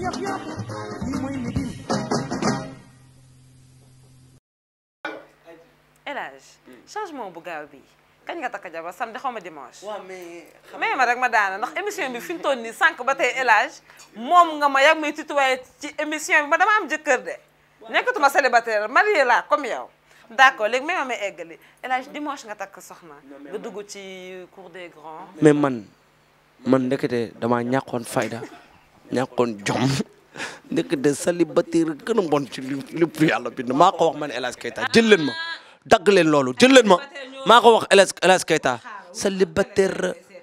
yëpp changement bu gaaw bi kañ nga takk jabar samedi xaw ma dimanche. waaw mais ma rek ma daana ndax émission bi fi mu toll nii sànq ba tey El moom nga ma yàgg may tutoyé ci émission bi ma dama am jëkkër de. nekkatuma célibataire marié laa comme yow. d' accord léegi may ma may eggali El Hadj dimanche nga takk soxna nga dugg ci cour des grands. mais man man ndekete damaa ñàkkoon fayda. ñàkkoon jom ndekk de sali batir gën a mbon ci lépp yàlla bind maa ko wax man El Hadj Keita jël leen ma dagg leen loolu jël leen ma maa ko wax El Hadj Keita sali batir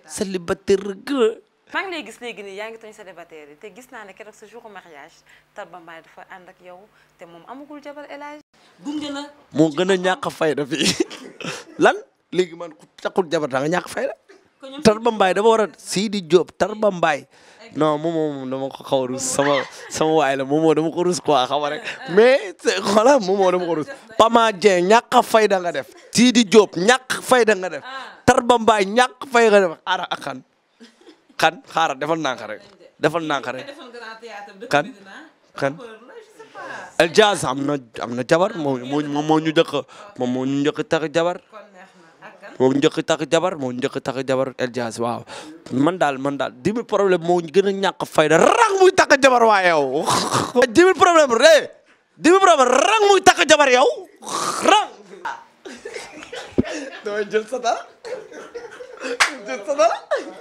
sali batir gën maa ngi lay gis léegi nii yaa ngi tooñ célibataire yi te gis naa ne keroog sa jour mariage Tarba Mbaye dafa ànd ak yow te moom amagul jabar El la moo gën a ñàkk fayda fii lan léegi man ku takkul jabar da nga ñàkk fayda Tarba Mbaye dafa war a Sidi Diop Tarba Mbaye non moom moom dama ko xaw a rus sama sama waay la moom moo dama ko rus quoi xaw rek mais xoolal moom moo dama ko rus Pama Dieng ñàkk fay da nga def Sidi Diop ñàkk fay da nga def Tarba Mbaye ñàkk fay def xaaral ak kan kan rek defal nànk rek kan am na am jabar moo moo ñu njëkk moom moo ñu jabar moo njëkk takk jabar moo njëkk takk jabar El Diaz waaw man daal man daal dix mille problème gën a ñàkk fayda rang muy takk jabar waa yow dix mille problème re rang muy takk jabar yow rang damay jël sa dara jël